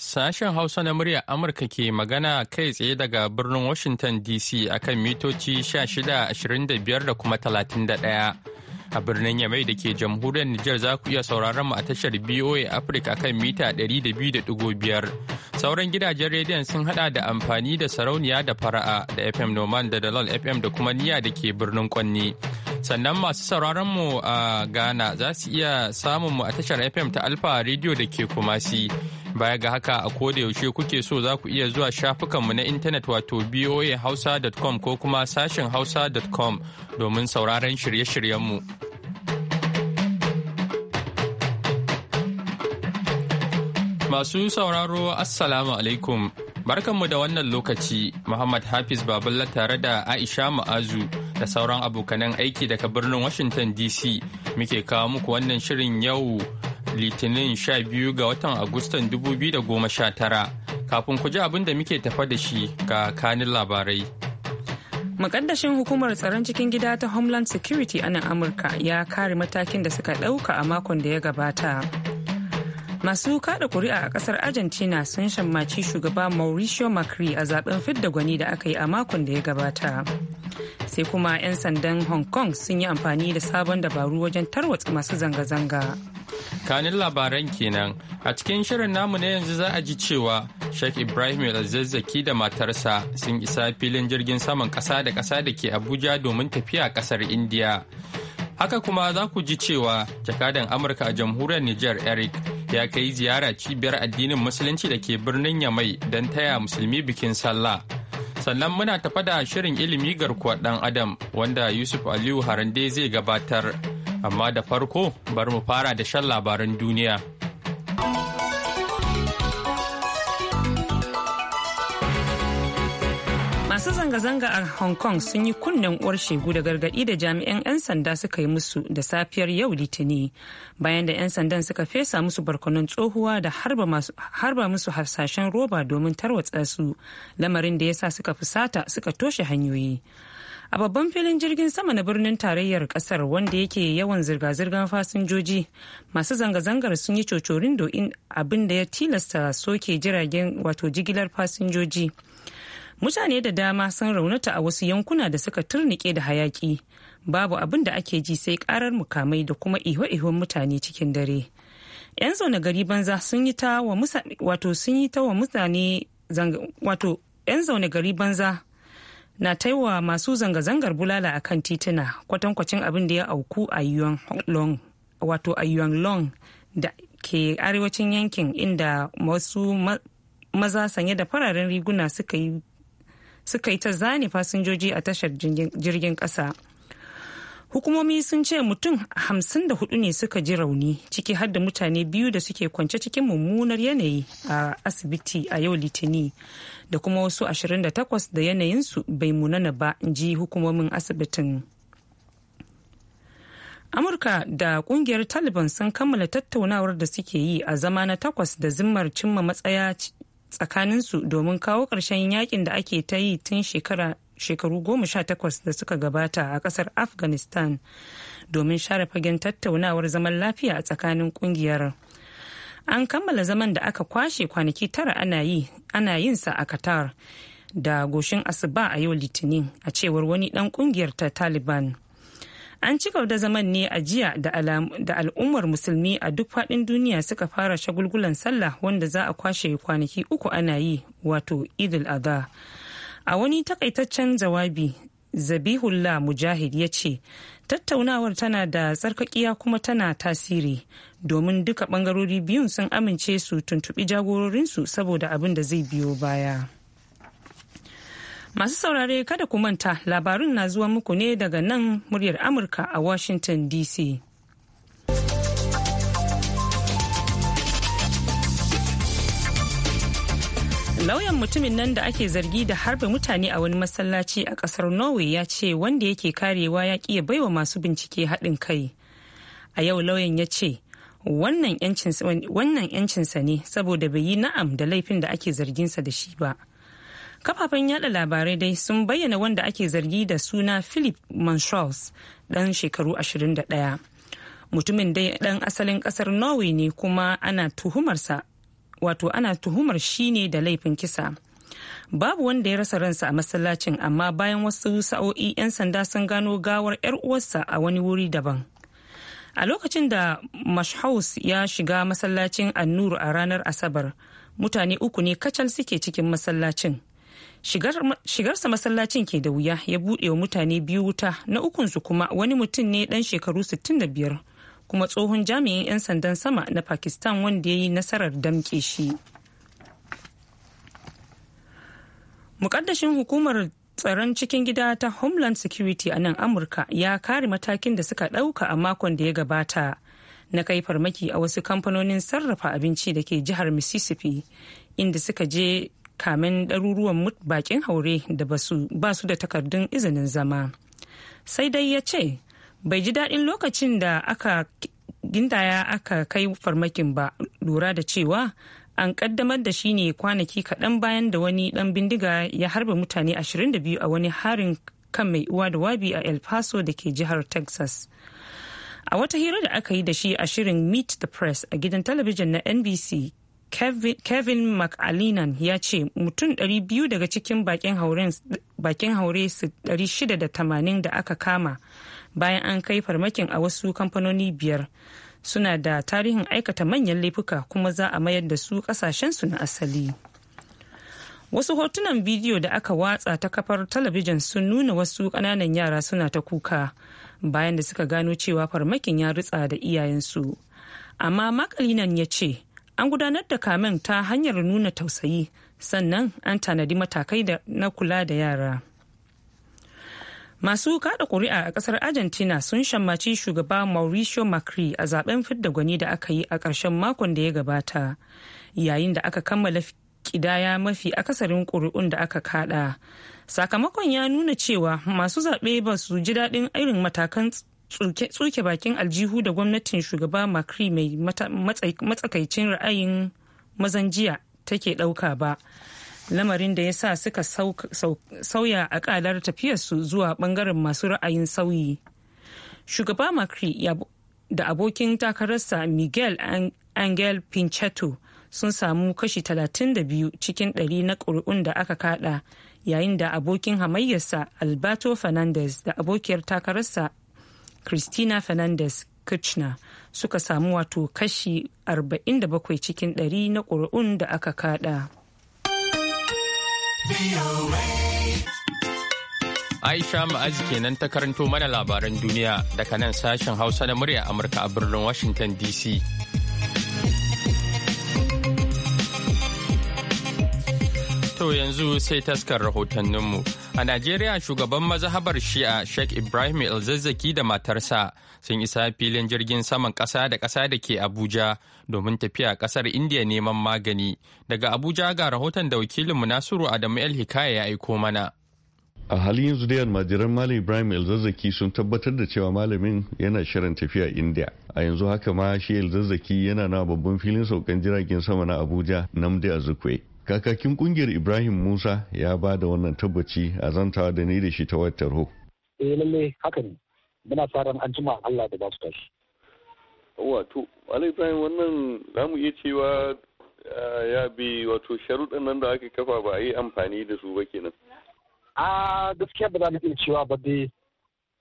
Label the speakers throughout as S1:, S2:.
S1: Sashen Hausa na muryar Amurka ke magana kai tsaye daga birnin Washington DC akan mitoci 1625 da kuma 31. A birnin Yamai da ke jamhuriyar Nijar za ku iya sauraron mu a tashar BOA Africa kan mita 200.5. Sauran gidajen rediyon sun hada da amfani da sarauniya da fara'a da FM Noman da Dalal FM da kuma niya da ke birnin Kwanni. sannan masu sauraron mu a Ghana za su iya samun mu a tashar FM ta Alfa Radio da ke Kumasi. Baya ga haka a koda yaushe kuke so za ku iya zuwa shafukanmu na intanet wato boahausa.com ko kuma sashen hausa.com domin sauraron shirye-shiryenmu. Masu sauraro Assalamu alaikum. Barkanmu da wannan lokaci, Muhammad Hafiz Baballa tare da Aisha Ma'azu da sauran abokanan aiki daga birnin Washington DC muke kawo muku wannan shirin yau Litinin 12 ga watan Agustan 2019. Kafin ku ji abin da muke tafa da shi ga kanin labarai.
S2: Mukaddashin hukumar tsaron cikin gida ta Homeland Security a nan Amurka ya kare matakin da suka ɗauka a makon da ya gabata. masu kada kuri'a a kasar argentina sun shammaci shugaba mauricio macri a zaben fidda gwani da aka yi a makon da ya gabata sai kuma 'yan sandan hong kong sun yi amfani da sabon dabaru wajen tarwatsa masu zanga-zanga
S1: kanin labaran kenan a cikin shirin namu na yanzu za a ji cewa Sheikh Ibrahim alzazzaki zazzaki da matarsa sun isa filin jirgin saman kasa da kasa da ke Abuja domin tafiya kasar indiya Haka kuma za ku ji cewa jakadan Amurka a jamhuriyar Nijar Eric ya kai ziyara cibiyar addinin Musulunci da ke birnin Yamai don taya musulmi bikin sallah. Sannan muna tafa da shirin ilimi garkuwa ɗan Adam wanda Yusuf Aliyu Harande zai gabatar. Amma da farko bar mu fara da shan labaran duniya.
S2: Masu zanga-zanga a Hong Kong sun yi kunnen uwar shegu da gargadi da jami'an 'yan sanda suka yi musu da safiyar yau litini bayan da 'yan sandan suka fesa musu barkonon tsohuwa da harba musu hasashen roba domin tarwatsa su lamarin da ya sa suka fusata suka toshe hanyoyi. a babban filin jirgin sama na birnin tarayyar kasar wanda yake yawan zirga-zirgar fasinjoji masu zanga-zangar sun yi cocorin doin abin da ya tilasta soke jiragen wato jigilar fasinjoji mutane da dama sun raunata a wasu yankuna da suka turnike da hayaki babu abin da ake ji sai karar mukamai da kuma ihwa-ihwan mutane cikin dare yan zaune gari banza sun yi ta wa yi wa mutane wato yan zaune gari banza na taiwa masu zanga-zangar bulala akan tituna kwatankwacin abin da ya auku a yuan wato a yuan long da ke arewacin yankin inda masu maza sanye da fararen riguna suka yi suka yi ta zane fasinjoji a tashar jirgin kasa. Hukumomi sun ce mutum hamsin da hudu ne suka ji rauni ciki har da mutane biyu da suke kwance cikin mummunar yanayi a asibiti a yau litini da kuma wasu 28 da yanayinsu bai munana ba ji hukumomin asibitin. amurka da kungiyar taliban sun kammala tattaunawar da suke yi a zama na takwas da zimmar cimma matsaya tsakanin su domin kawo ƙarshen yakin da ake ta yi tun shekaru goma sha takwas da suka gabata a ƙasar afghanistan domin share fagen tattaunawar zaman lafiya a tsakanin ƙungiyar an kammala zaman da aka kwashe kwanaki tara ana yin sa a qatar da goshin asuba a yau litinin a cewar wani ɗan ƙungiyar ta taliban an ci da zaman ne a jiya da al'ummar musulmi a duk faɗin duniya suka fara shagulgulan sallah wanda za a kwashe kwanaki uku ana yi wato idul adha a wani takaitaccen jawabi zabihullah mujahid ya ce tattaunawar tana da tsarkakiya kuma tana tasiri domin duka bangarori biyun sun amince su tuntubi jagororinsu saboda abin da zai biyo baya. Masu saurare kada ku manta labarun na zuwa muku ne daga nan muryar Amurka a Washington DC. lauyan mutumin nan da ake zargi da harbe mutane a wani masallaci a kasar norway ya ce wanda yake karewa ya ƙi baiwa masu bincike haɗin kai a yau lauyan ya ce wannan yancinsa ne saboda bai yi na'am da laifin da ake zarginsa da shi ba kafafen yada labarai dai sun bayyana wanda ake zargi da suna philip manshaws dan shekaru 21 mutumin dai dan asalin kasar norway ne kuma ana tuhumarsa wato ana tuhumar shi ne da laifin kisa babu wanda ya rasa ransa a masallacin amma bayan wasu sa'o'i 'yan sanda sun gano gawar 'yar uwarsa a wani wuri daban a lokacin da mashhaus ya shiga masallacin annur a ranar asabar mutane uku ne kacal suke cikin masallacin shigarsa masallacin ke da wuya ya buɗe wa mutane biyu wuta na ukunsu kuma wani mutum ne ɗan shekaru 65 kuma tsohon jami'in 'yan sandan sama na pakistan wanda ya yi nasarar damƙe shi mukaddashin hukumar tsaron cikin gida ta homeland security a nan amurka ya kare matakin da suka ɗauka a makon da ya gabata na kai farmaki a wasu kamfanonin sarrafa abinci da ke jihar mississippi inda suka je kamin ɗaruruwan bakin haure da ba su da takardun izinin zama sai dai ya ce bai ji daɗin lokacin da aka gindaya aka kai farmakin ba lura da cewa an kaddamar da shi ne kwanaki kaɗan bayan da wani ɗan bindiga ya harba mutane 22 a wani harin kan mai uwa da wabi a el paso da ke jihar texas a wata hira da aka yi da shi a shirin meet the press a gidan talabijin na nbc kevin mcallinan ya ce mutum 200 daga cikin bakin haure 680 da aka kama bayan an kai farmakin a wasu kamfanoni biyar suna da tarihin aikata manyan laifuka kuma za a mayar da su kasashensu na asali wasu hotunan bidiyo da aka watsa ta kafar talabijin sun nuna wasu kananan yara suna ta kuka bayan da suka gano cewa farmakin ya ritsa da iyayensu amma makalinan ya ce an gudanar da kamen ta hanyar nuna tausayi sannan an tanadi matakai na kula da yara masu kada kuri'a a kasar argentina sun shammaci shugaba mauricio macri a zaben fidda gwani da aka yi a ƙarshen makon da ya gabata yayin da aka kammala kidaya mafi akasarin kuri'un da aka kada sakamakon ya nuna cewa masu zaɓe ba su ji daɗin irin matakan tsuke bakin aljihu da gwamnatin shugaba makri mai matsakaicin ra'ayin mazan jiya take ɗauka ba lamarin da ya sa suka sauya akalar tafiyarsu zuwa bangaren masu ra'ayin sauyi shugaba makri da abokin takararsa miguel angel pinchetto sun samu kashi 32 cikin 100 na ƙuri'un da aka kada yayin da abokin hamayyarsa alberto fernandez da abokiyar takararsa christina fernandez kirchner suka samu wato kashi 47 cikin 100 na ƙuri'un da aka kada.
S1: Aisha Ma'azi kenan ta karanto mana labaran duniya daga nan sashen Hausa na murya Amurka a birnin Washington DC. To yanzu sai taskar rahotanninmu. A Najeriya shugaban mazahabar Shi'a Sheikh Ibrahim Elzazzaki da matarsa sun isa filin jirgin saman ƙasa da ƙasa da ke Abuja domin tafiya ƙasar Indiya neman magani. Daga Abuja ga rahoton da wakilinmu Nasiru Adamu El Hikaya ya aiko mana.
S3: a halin yanzu yan majiran malam ibrahim elzazzaki sun tabbatar da cewa malamin yana shirin tafiya india a yanzu haka ma shi elzazzaki yana na babban filin saukan jiragen sama na abuja namdi azukwe kakakin kungiyar ibrahim musa ya ba da wannan tabbaci a zantawa da ni da shi ta wayar ho
S4: eh lalle haka ne muna fara an jima allah da ba su tashi wato ibrahim wannan
S3: za mu iya cewa ah, ya bi wato sharuɗan nan da aka kafa ba a yi amfani da su ba kenan
S4: a gaskiya ba za mu iya cewa ba dai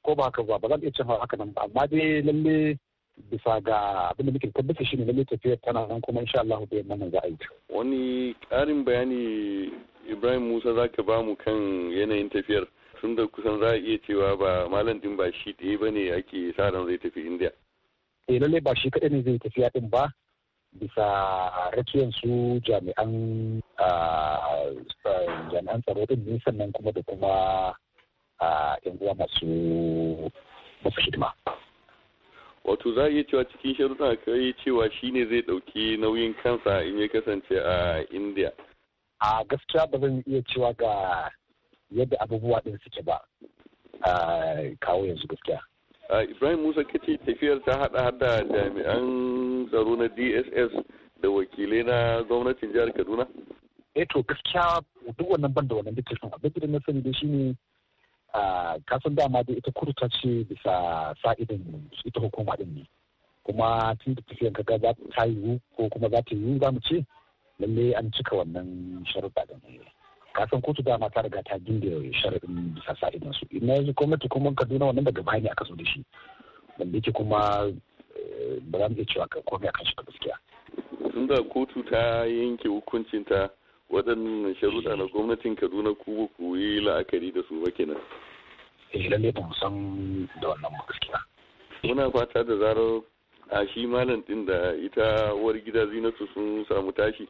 S4: ko ba haka ba ba za mu iya cewa haka nan ba amma dai lalle bisa ga abin da muke tabbata shine lalle tafiyar tana nan kuma insha Allah da yamma za a yi
S3: wani ƙarin bayani Ibrahim Musa zaka ba mu kan yanayin tafiyar tun da kusan za a iya cewa ba malam din ba shi ɗaya ba ne ake sa ran zai tafi India
S4: eh lalle ba shi kaɗai ne zai tafiya din ba bisa rakiyar su jami'an jami'an tsaro din ne sannan kuma da kuma yan uwa masu masu hidima
S3: wato za a iya cewa cikin sharuɗa yi cewa shi ne zai ɗauki nauyin kansa in ya kasance a india
S4: a gaskiya ba zan iya cewa ga yadda abubuwa ɗin suke ba
S3: kawo yanzu gaskiya ibrahim musa kace tafiyar ta hada hada jami'an tsaro na dss da wakilai na gwamnatin jihar kaduna
S4: eh to gaskiya duk wannan ban da wannan duk abin da na sani da shine Ah, kasan dama da ita kurta ce bisa sa'idin ita hukuma din ne kuma tun da tafiyan kaga za ta yiwu ko kuma za ta yi za mu ce lalle an cika wannan sharuɗa ne kasan kotu dama ta riga ta dinga sharaɗin bisa sa'idin su ina yanzu gwamnati kuma kaduna wannan daga baya ne aka zo da shi wanda yake kuma eh, ba za mu iya cewa komai kan shi gaskiya
S3: tun da kotu ta yanke hukuncinta waɗannan sharuɗa na gwamnatin kaduna ku ba yi la'akari da su ba kenan
S4: idan eh, ne ba mu san da wannan gaskiya
S3: muna fata da zarar a shi malam ɗin da ita war gida zinatu sun samu tashi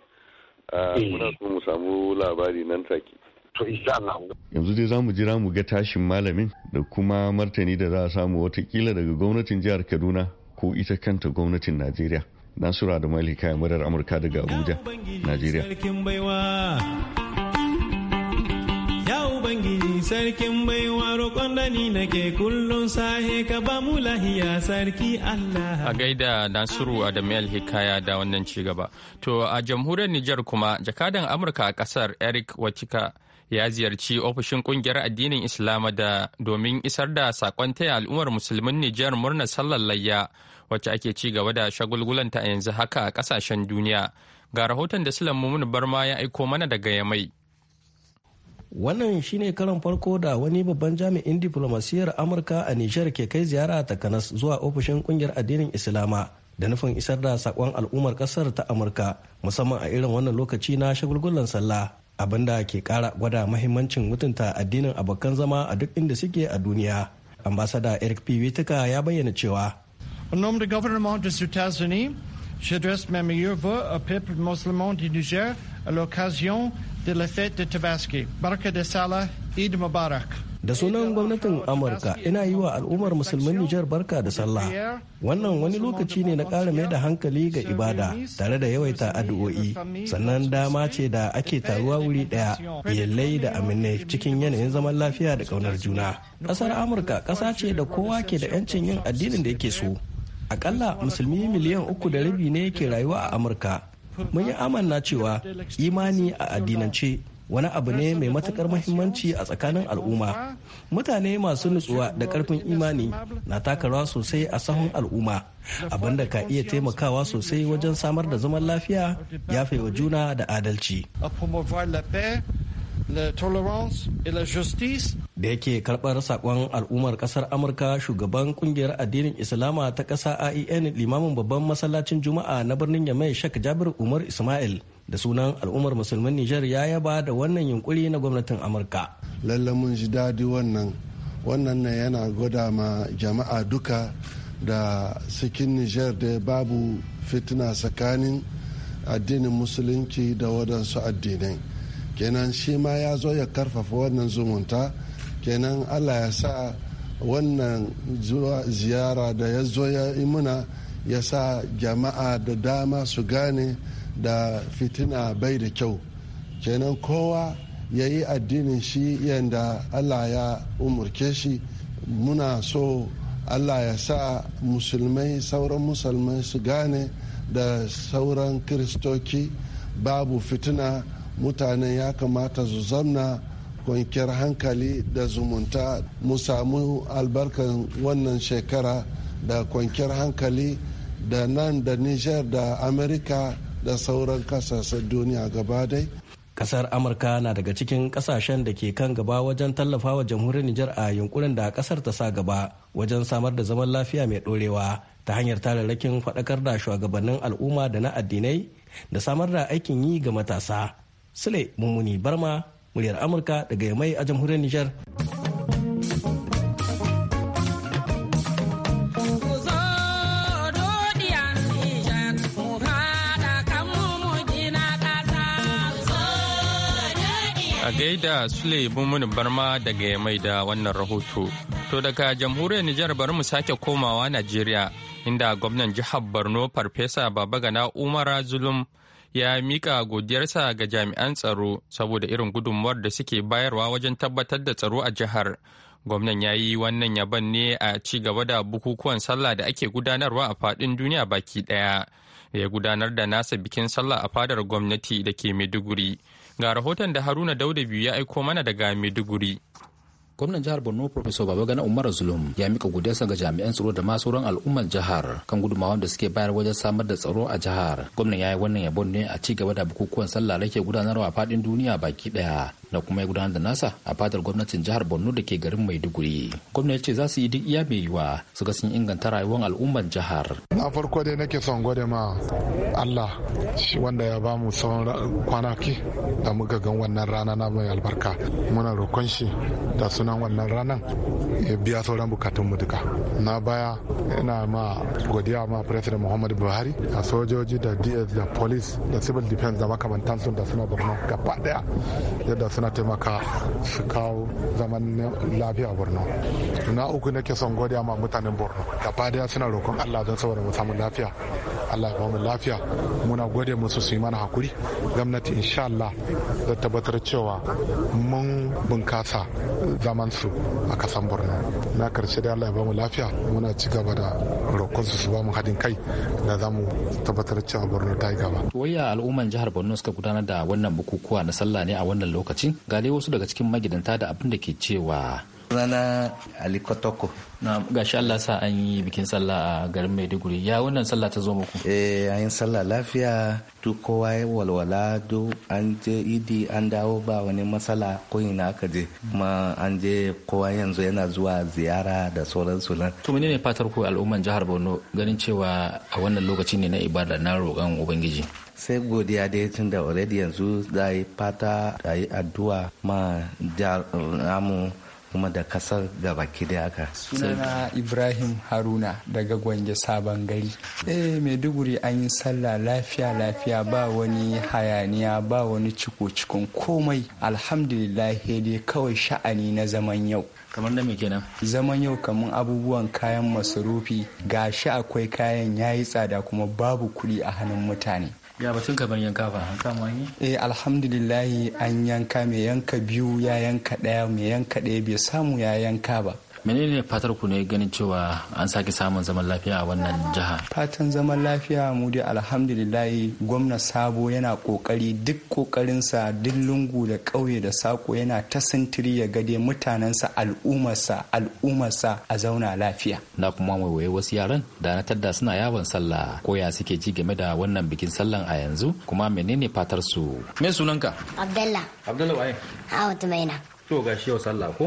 S3: eh. muna so mu samu labari nan take yanzu dai za mu jira mu ga tashin malamin da kuma martani da za a samu watakila daga gwamnatin jihar Kaduna ko ita kanta gwamnatin Najeriya Nasura da Malika murar Amurka daga Abuja,
S5: Najeriya. Ubangiji sarkin baiwa roƙon da nake kullum sahe ka ba mu lahiya sarki Allah.
S1: A gaida Nasiru Adamu Hikaya da wannan ci To a jamhuriyar Nijar kuma jakadan Amurka a ƙasar Eric Wachika ya ziyarci ofishin ƙungiyar addinin Islama da domin isar da sakon taya al'ummar musulmin Nijar murnar sallar layya wacce ake ci gaba da shagulgulanta a yanzu haka a kasashen duniya ga rahoton da silan mumun barma ya aiko mana daga yamai
S5: wannan shine karan farko da wani babban jami'in diplomasiyyar amurka a nijar ke kai ziyara ta kanas zuwa ofishin kungiyar addinin islama da nufin isar da sakon al'ummar kasar ta amurka musamman a irin wannan lokaci na shagulgulan sallah abinda ke kara gwada mahimmancin mutunta addinin abokan zama a duk inda suke a duniya ambasada eric p witeka ya bayyana cewa
S6: Au nom du gouvernement des États-Unis, j'adresse mes meilleurs voeux au peuple musulman du Niger à l'occasion de la fête de Tabaski. Baraka de Salah, Eid Mubarak.
S5: da sunan gwamnatin amurka ina yi wa al'ummar musulmin nijar barka da sallah wannan wani lokaci ne na ƙara mai da hankali ga ibada tare da yawaita addu'o'i sannan dama ce da ake taruwa wuri ɗaya iyalai da aminai cikin yanayin zaman lafiya da ƙaunar juna ƙasar amurka ƙasa ce da kowa ke da 'yancin yin addinin da yake so akalla musulmi miliyan uku da rabi ne ke rayuwa a amurka mun yi amanna cewa imani a addinance wani abu ne mai matukar muhimmanci a tsakanin al'umma mutane masu nutsuwa da karfin imani na taka rawa sosai a sahun al'umma abinda ka iya taimakawa sosai wajen samar da zaman lafiya yafewa juna da adalci la tolerance et la justice. Da yake karɓar sakon al'ummar ƙasar Amurka shugaban ƙungiyar addinin Islama ta ƙasa IEN limamin babban masallacin Juma'a na birnin Yamai shak Jabir Umar Ismail da sunan al'ummar musulmin Nijar ya yaba da wannan yunkuri na
S6: gwamnatin Amurka. Lalle mun ji daɗi wannan wannan ne yana gwada ma jama'a duka da cikin Nijar da babu fitina tsakanin addinin musulunci da waɗansu addinai. kenan shi ma ya zo ya karfafa wannan zumunta kenan allah ya sa wannan ziyara da ya zo ya muna ya sa jama'a da dama su gane da fitina bai da kyau kenan kowa ya yi addinin shi yadda allah ya umurke shi muna so allah ya sa musulmai sauran musulmai su gane da sauran kiristoki babu fitina mutane ya kamata su zamna kwanciyar hankali da zumunta mu samu albarkan wannan shekara da kwanciyar hankali da nan da niger da amerika da sauran kasashen duniya gaba dai
S5: kasar amurka na daga cikin kasashen da ke kan gaba wajen tallafa wa jamhuriyar niger a yunkurin da kasar ta sa gaba wajen samar da zaman lafiya mai dorewa ta hanyar tararrakin faɗakar da shugabannin al'umma da na addinai da samar da aikin yi ga matasa Sule Mummuni Barma, muryar Amurka daga Yamai a jamhuriyar Nijar.
S1: A gaida Sule Mummuni Barma daga mai da wannan rahoto. To daga jamhuriyar Nijar bari mu sake komawa Najeriya inda gwamnan jihar Borno Farfesa Babagana Umara Zulum ya mika godiyarsa ga jami'an tsaro saboda irin gudunmuwar da suke bayarwa wajen tabbatar da tsaro a jihar. Gwamnan ya yi wannan yaban ne a ci gaba da bukukuwan sallah da ake gudanarwa a fadin duniya baki ɗaya. Ya gudanar da nasa bikin sallah a fadar gwamnati da ke Maiduguri. Ga rahoton da Haruna Dauda biyu ya aiko mana daga Maiduguri.
S7: gwamnan jihar borno Baba Gana umar zulum ya mika godiyarsa ga jami'an tsaro da ma sauran al'ummar jihar kan gudunmawar da suke bayar wajen samar da tsaro a jihar gwamnan ya yi wannan yabon ne a ci gaba da bukukuwan sallah da ke gudanarwa a faɗin duniya baki ɗaya da kuma ya gudanar da nasa a fadar gwamnatin jihar borno da ke garin maiduguri gwamnati ce za su yi duk iya mai yiwa su ga sun inganta rayuwar al'ummar jihar
S6: na farko dai nake son gwada ma allah shi wanda ya ba mu tsawon kwanaki da muka gan wannan rana na mai albarka muna roƙon shi da sunan wannan ranan ya biya sauran bukatun mu duka na baya ina ma godiya ma president muhammadu buhari a sojoji da ds da police da civil defense da makamantansu da suna borno gaba daya yadda suna taimaka su kawo zaman lafiya borno na uku nake son godiya ma mutanen borno gaba da suna roƙon allah don saboda mu samu lafiya allah ya ba mu lafiya muna gode musu su yi mana hakuri gwamnati insha allah da tabbatar cewa mun bunkasa zaman su a kasan borno na karshe da allah ya ba mu lafiya muna ci gaba da roƙon su su ba mu haɗin kai da za mu tabbatar cewa borno ta yi gaba.
S7: waya al'umman jihar borno suka gudanar da wannan bukukuwa na sallah ne a wannan lokaci gale ga wasu daga cikin magidanta da abin da ke cewa rana Ali Kotoko. Na gashi Allah sa an yi bikin sallah a garin Maiduguri. Ya wannan sallah ta zo muku? Eh, ayin sallah lafiya, duk kowa ya walwala, duk an je idi an dawo ba wani matsala ko ina aka je. Kuma an je kowa yanzu yana zuwa ziyara da sauran su nan. To menene fatar ku al'umman jihar Borno ganin cewa a wannan lokaci ne na ibada na roƙon Ubangiji? sai godiya da tun da already yanzu za yi fata a yi addu'a ma namu kuma da kasar gabaki da aka Sunana Ibrahim Haruna daga Gwange Sabon Gari. Eh Maiduguri an yi sallah lafiya lafiya ba wani hayaniya ba wani ciko-cikon komai alhamdulillah dai kawai sha'ani na zaman yau. kamar da me nan. zaman yau kamar abubuwan kayan masarufi gashi akwai kayan yayi tsada kuma babu kuɗi a hannun mutane ya sun ka ban yanka fa an samu anyi eh alhamdulillah an yanka me yanka biyu ya yanka daya me yanka daya bai samu ya yanka ba menene fatar ku ne ganin cewa an sake samun zaman lafiya a wannan jiha fatan zaman lafiya mu dai alhamdulillah gwamna sabo yana kokari duk kokarinsa duk lungu da ƙauye da sako yana ta sintiri ya gade mutanensa al'ummarsa al'ummarsa a zauna lafiya na kuma waye wasu yaran da na tadda suna yawon sallah ko ya suke ji game da wannan bikin sallan a yanzu kuma menene fatar su me sunanka
S5: abdallah abdallah waye a wata maina
S7: to gashi yau sallah ko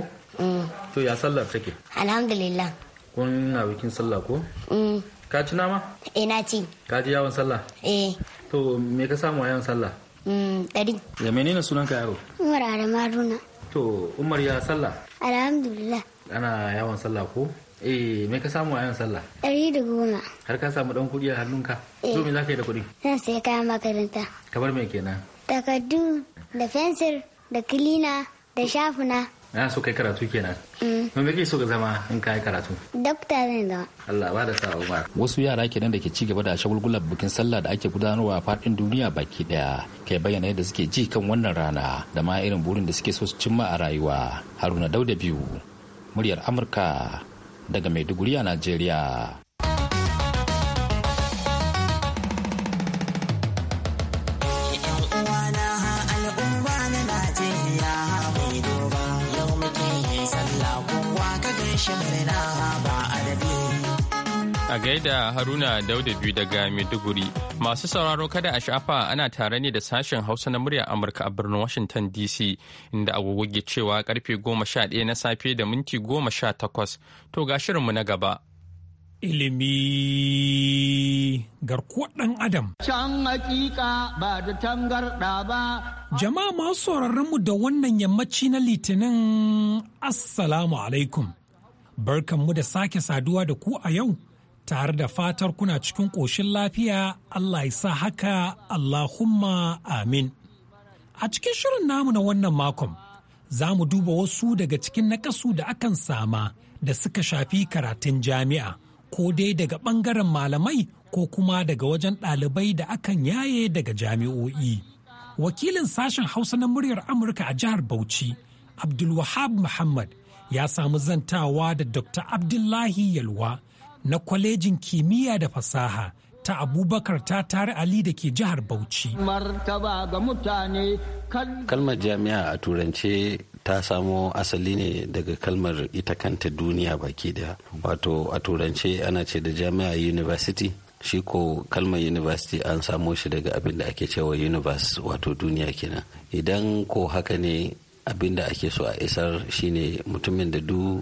S7: to ya sallar take
S5: alhamdulillah
S7: kun na bikin sallah ko mm. ka ci nama eh na ci ka ji yawon sallah eh to me ka samu a yawon sallah
S5: mm, ɗari
S7: ya menene sunan ka yaro
S5: umar maruna
S7: to umar ya sallah
S5: alhamdulillah
S7: ana yawon sallah ko Eh, me ka samu a yan sallah?
S5: Ɗari da goma.
S7: Har ka samu ɗan kuɗi a hannunka? Eh. To me za ka yi da kuɗi?
S5: Zan sai kayan makaranta.
S7: Kamar me kenan?
S5: Takardu da fensir da kilina da shafuna.
S7: na so kai karatu kenan mun mm. kake so ka zama in kai karatu
S5: dokta ne da
S7: Allah ba da sa'a ba wasu yara kenan da ke ci gaba da shagulgular bikin sallah da ake gudanarwa a fadin duniya baki daya kai bayyana yadda suke ji kan wannan rana da ma irin burin da suke so su cimma a rayuwa haruna dauda biyu muryar amurka daga maiduguri a najeriya
S1: A gaida Haruna Dauda biyu daga Maiduguri. Masu sauraro kada a shafa ana tare ne da sashen Hausa na murya Amurka a birnin Washington DC inda agogo ke cewa karfe goma sha daya na safe da minti goma sha takwas. To ga na gaba.
S8: Ilimi garkuwar ɗan Adam. Can hakika ba da tangarɗa ba. Jama'a masu sauraron mu da wannan yammaci na Litinin Assalamu alaikum. Barkanmu da sake saduwa da ku a yau. tare da fatar kuna cikin ƙoshin lafiya Allah ya sa haka Allahumma amin. A cikin shirin namu na wannan makon, za mu duba wasu daga cikin nakasu da akan sama da suka shafi karatun jami'a, ko dai daga ɓangaren malamai ko kuma daga wajen ɗalibai da akan yaye daga jami'o'i. Wakilin sashen Hausa na muryar Amurka a jihar Bauchi, Abdulwahab Muhammad, ya samu zantawa da Dr. Abdullahi Yalwa. na kwalejin kimiyya da fasaha ta abubakar ta tare ali da ke jihar bauchi
S9: martaba ga mutane kalmar jami'a a turance ta samo asali ne daga kalmar ita kanta duniya baki daya wato a turance ana ce da jami'a university shi ko kalmar university an samo shi daga abin da ake cewa universe wato duniya kenan idan ko haka ne abin da ake so a isar shine mutumin da du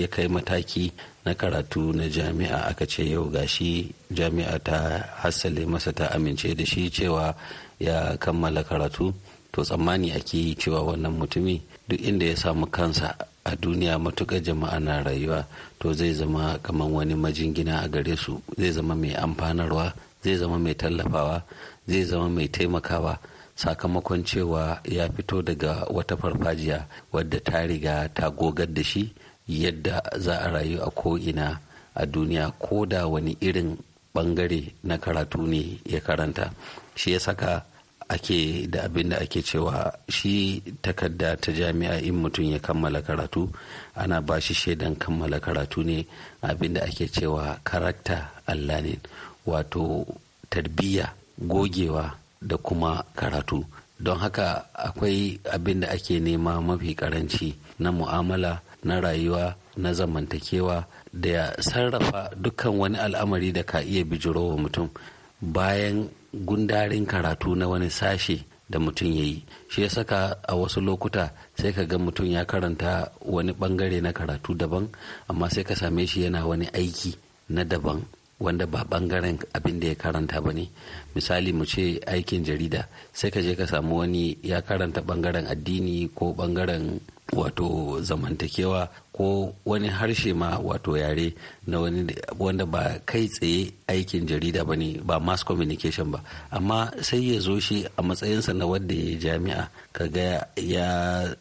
S9: ya kai mataki na karatu na jami'a aka ce yau gashi jami'a ta hassale masa ta amince da shi cewa ya kammala karatu to tsammani ake yi cewa wannan mutumi duk inda ya samu kansa a duniya matuƙar jama'a na rayuwa to zai zama kamar wani majingina a gare su zai zama mai amfanarwa zai zama mai tallafawa zai zama mai taimakawa sakamakon cewa ya fito daga wata farfajiya wadda ta riga ta gogar da shi yadda za a rayu a ko'ina a duniya ko da wani irin bangare na karatu ne ya karanta shi ya saka ake da abin da ake cewa shi takarda ta jami'a in mutum ya kammala karatu ana ba shi shaidan kammala karatu ne abin da ake cewa karakta ne wato tarbiyya gogewa da kuma karatu don haka akwai abin da ake nema mafi karanci na mu'amala na rayuwa na zamantakewa da ya sarrafa dukkan wani al'amari da ka iya bijirowa mutum bayan gundarin karatu na wani sashe da mutum ya yi shi ya saka a wasu lokuta sai ka ga mutum ya karanta wani bangare na karatu daban amma sai ka same shi yana wani aiki na daban wanda ba bangaren abin da ya karanta ba ne misali mu ce aikin jarida sai ka je ka samu wani ya karanta bangaren addini ko bangaren wato zamantakewa ko wani harshe ma wato yare na wani wanda ba kai tsaye aikin jarida ba ne ba mass communication ba amma sai ya zo shi a matsayinsa na wanda ya jami'a kaga ya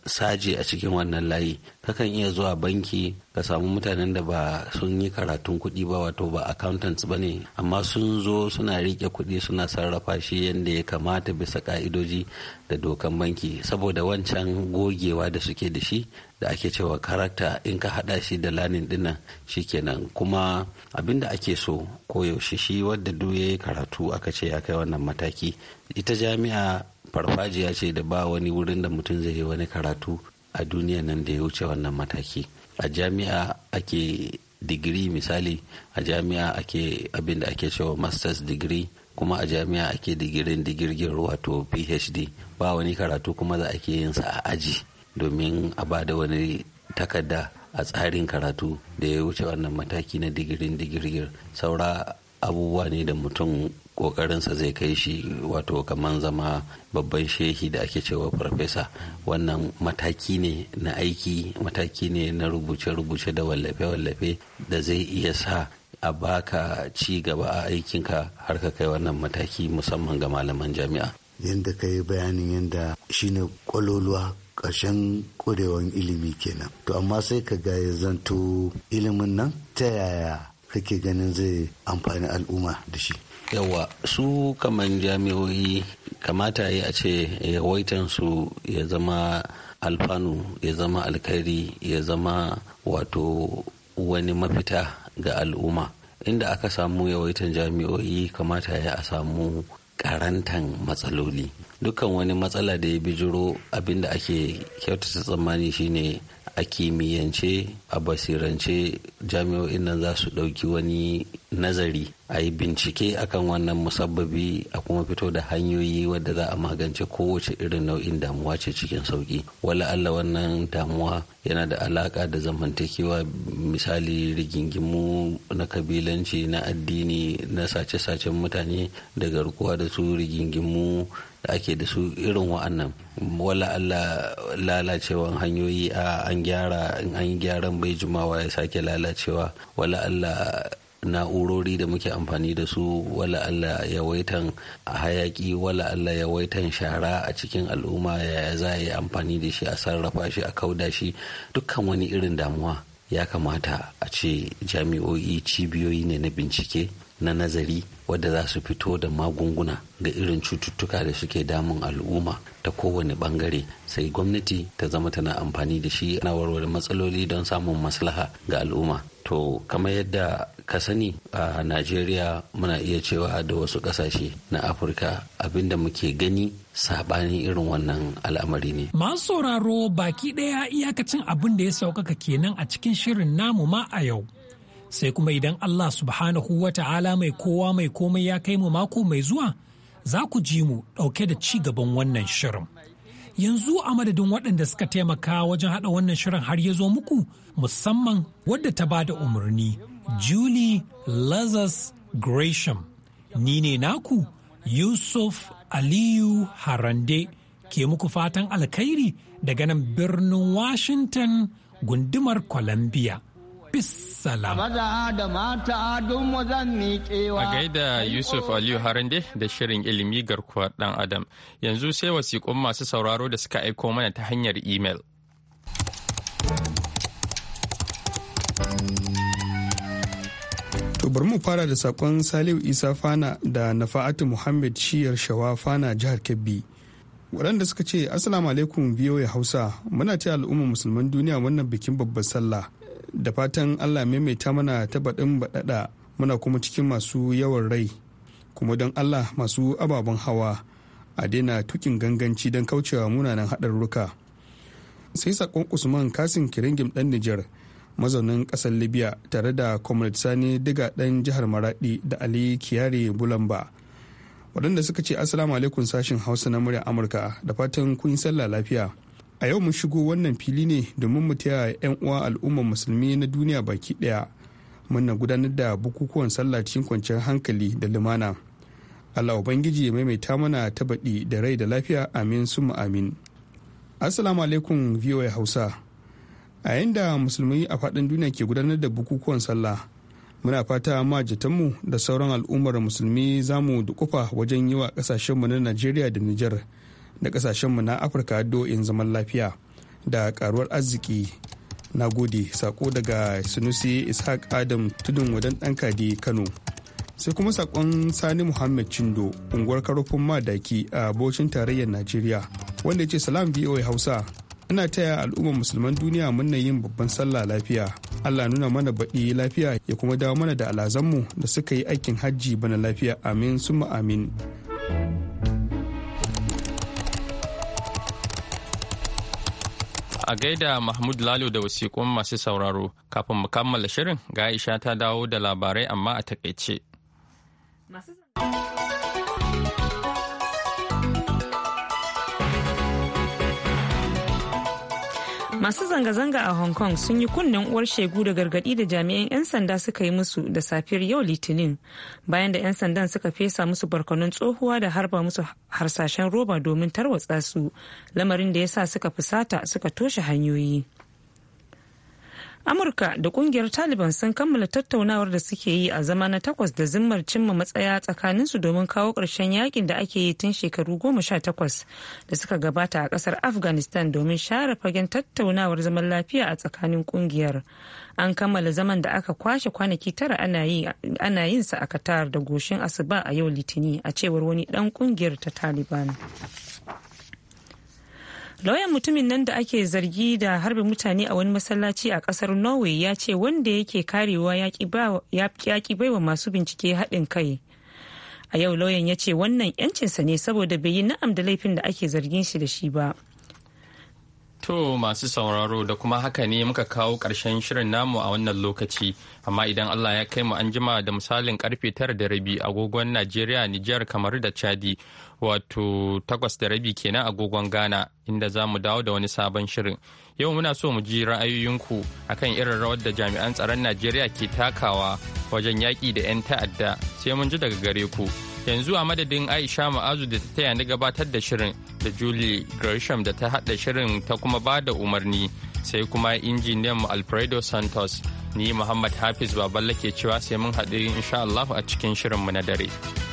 S9: saje a cikin wannan layi kakan iya zuwa banki ka samu mutanen da ba sun yi karatun kuɗi ba wato ba accountants ba ne amma sun zo suna riƙe kuɗi suna sarrafa shi yadda ya kamata bisa ka'idoji da dokan banki saboda wancan gogewa da suke da shi da ake cewa karakta in ka hada shi da lanin dinnan kenan kuma abin da ake so koyaushe shi wadda duk ya karatu aka ce ya kai wannan mataki ita jami'a farfajiya ce da ba wani wurin da mutum zai yi wani karatu a duniya nan da ya wuce wannan mataki a jami'a ake digiri misali a jami'a ake abin da ake cewa masters digiri, kuma a jami'a ake digirin digirgin wato phd ba wani karatu kuma za a ke yin sa a aji domin a ba da wani takarda a tsarin karatu da ya wuce wannan mataki na digirin digirgir saura abubuwa ne da mutum kokarinsa zai kai shi wato kamar zama babban shehi da ake cewa farfesa wannan mataki ne na aiki mataki ne na rubuce-rubuce da wallafe-wallafe da zai iya sa a baka ci gaba a aikinka har ka kai wannan mataki musamman ga malaman jami'a yadda ka yi bayanin yadda shine kwaloluwa ƙarshen ƙurewan ilimi kenan to amma sai ka ga ya zanto ilimin nan ta yaya kake ganin zai amfani al'umma da shi yawa su kaman jami'o'i kamata ya ce su ya zama alfanu ya zama alkhairi ya zama wato wani mafita ga al'umma inda aka samu yawaitan jami'o'i kamata ya a samu karantan matsaloli dukkan wani matsala da ya bijiro abinda ake kyautata tsammani shine a kimiyyance a basirance jami'o'in nan za su ɗauki wani nazari a yi bincike akan wannan musabbabi a kuma fito da hanyoyi wadda za a magance kowace irin nau'in damuwa ce cikin sauki wala Allah wannan damuwa yana da alaka da zamantakewa misali rigingimu na kabilanci na addini na sace-sacen mutane daga garkuwa da su rigingimu da ake da su irin wa'annan wala Allah lalacewan hanyoyi a an gyara in an yi gyaran bai jimawa ya sake lalacewa wala Allah na'urori da muke amfani da su wala Allah yawaitan hayaki wala Allah yawaitan shara a cikin al'umma yaya za a yi amfani da shi a sarrafa shi a kauda shi dukkan wani irin damuwa ya kamata a ce jami'o'i cibiyoyi ne na bincike na nazari wadda za su fito da magunguna ga irin cututtuka da suke damun al'umma ta kowane bangare sai gwamnati ta zama tana amfani da shi na warware matsaloli don samun maslaha ga al'umma to kamar yadda ka sani a najeriya muna iya cewa da wasu kasashe na afirka abinda muke gani sabanin irin wannan al'amari ne
S8: masu sauraro baki daya iyakacin abin da ya saukaka kenan a cikin shirin namu ma a yau sai kuma idan Allah subhanahu wa ta'ala mai kowa mai komai ya kai mu mako mai zuwa za ku ji mu ɗauke da ci gaban wannan shirin. Yanzu a madadin waɗanda suka taimaka wajen haɗa wannan shirin har ya zo muku musamman wadda ta ba da umarni Julie Lazarus Gresham. Ni ne naku Yusuf Aliyu Harande ke muku fatan alkhairi daga nan birnin Washington gundumar Columbia. bisalam.
S5: A
S1: gaida Yusuf Aliyu Harande da shirin ilimi garkuwar ɗan Adam. Yanzu sai wasiƙun masu sauraro da suka aiko mana ta hanyar imel.
S10: To bari mu fara da saƙon Saliu Isa Fana da Nafa'atu Muhammad Shiyar Shawa Fana jihar Kebbi. Waɗanda suka ce Assalamu alaikum ya Hausa muna ce al'ummar musulman duniya wannan bikin babbar sallah. da fatan allah maimaita mana ta baɗaɗa muna kuma cikin masu yawan rai kuma don allah masu ababen hawa a daina tukin ganganci don kaucewa munanan haɗarruka sai saƙon usman kasin kiringim ɗan nijar mazaunin ƙasar libya tare da comrade sani diga ɗan jihar maraɗi da ali kiyari bulamba waɗanda suka ce assalamu alaikum sashin hausa na murya amurka da fatan kun sallah lafiya a yau mun shigo wannan fili ne domin mu taya 'yan uwa al'ummar musulmi na duniya baki daya muna gudanar da bukukuwan sallah cikin kwanciyar hankali da lumana allah ubangiji ya maimaita mana ta baɗi da rai da lafiya amin summa amin assalamu alaikum voa hausa a yayin da musulmi a faɗin duniya ke gudanar da bukukuwan sallah muna fata majitanmu da sauran al'ummar musulmi zamu mu dukufa wajen yi wa ƙasashenmu na najeriya da nijar da kasashenmu na afirka do'in zaman lafiya da karuwar arziki na gode sako daga sunusi ishaq adam tudun wadan ɗankadi kano sai kuma sakon sani muhammad chindo unguwar karofin madaki a bocin tarayyar najeriya wanda ya ce salam voa hausa ina taya al'ummar musulman duniya muna yin babban sallah lafiya allah nuna mana baɗi lafiya ya kuma dawo mana da alazanmu da suka yi aikin hajji bana lafiya amin summa amin A
S1: gaida Mahmud Lalo da wasiƙun masu sauraro, kafin mu kammala shirin ga Aisha ta dawo da labarai amma a takaice.
S2: masu zanga-zanga a hong kong sun yi kunnen uwar shegu da gargadi da jami'an 'yan sanda suka yi musu da safiyar yau litinin bayan da 'yan sandan suka fesa musu barkonun tsohuwa da harba musu harsashen roba domin tarwatsa su lamarin da ya sa suka fusata suka toshe hanyoyi amurka da kungiyar taliban sun kammala tattaunawar da suke yi a zama na takwas da zimmar cimma matsaya tsakaninsu domin kawo ƙarshen yakin da ake yi tun shekaru goma sha takwas da suka gabata a ƙasar afghanistan domin share fagen tattaunawar zaman lafiya a tsakanin kungiyar an kammala zaman da aka kwashe kwanaki tara ana yinsa a qatar da goshin asuba a yau litini a cewar wani ɗan kungiyar ta taliban lauyan mutumin nan da ake zargi da harbe mutane a wani masallaci a kasar norway ya ce wanda yake karewa ya ki baiwa masu bincike haɗin kai a yau lauyan ya ce wannan yancinsa ne saboda bai yi na'am da laifin da ake zargin shi da shi ba
S1: To masu sauraro da kuma haka ne muka kawo ƙarshen shirin namu a wannan lokaci, amma idan Allah ya kai mu an jima da misalin karfe tara da rabi agogon Najeriya, Nijar, kamar da Chadi, wato takwas da rabi kenan agogon Ghana, inda za mu dawo da wani sabon shirin. Yau muna so mu ji ra'ayoyinku akan irin rawar da jami'an tsaron Najeriya ke takawa wajen yaƙi da 'yan ta'adda, sai mun ji daga gare ku. yanzu a madadin aisha ma'azu da ta taya na gabatar da shirin da julie gresham da ta haɗa shirin ta kuma ba da umarni sai kuma injiniyan alfredo santos ni muhammad hafiz baballe ke cewa sai mun haɗu insha allahu a cikin shirin mu na dare.